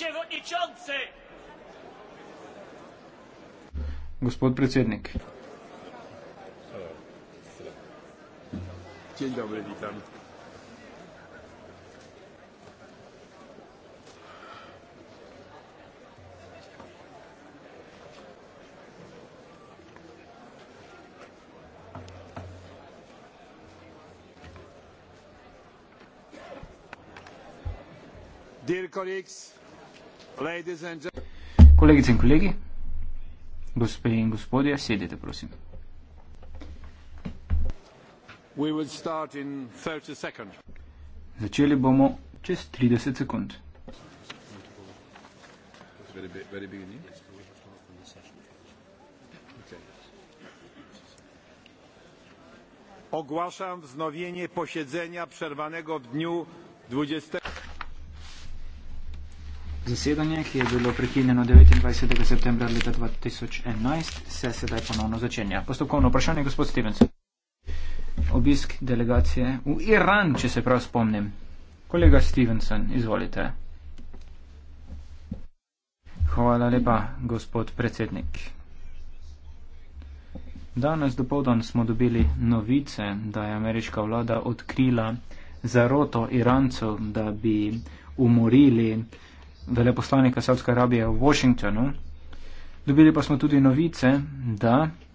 Čevotničance. Gospod predsednik. Dzień dobry, witam. Dear colleagues, Kolegice in kolegi, gospe in gospodje, sedite prosim. Začeli bomo čez 30 sekund. Ogłaszam vznovjenje posjedzenja, prervanego v dnju 20. Zasedanje, ki je bilo prekinjeno 29. septembra leta 2011, se sedaj ponovno začenja. Postopkovno vprašanje, gospod Stevens. Obisk delegacije v Iran, če se prav spomnim. Kolega Stevenson, izvolite. Hvala lepa, gospod predsednik. Danes dopoldan smo dobili novice, da je ameriška vlada odkrila zaroto Irancev, da bi umorili veleposlanika Saudske Arabije v Washingtonu. Dobili pa smo tudi novice, da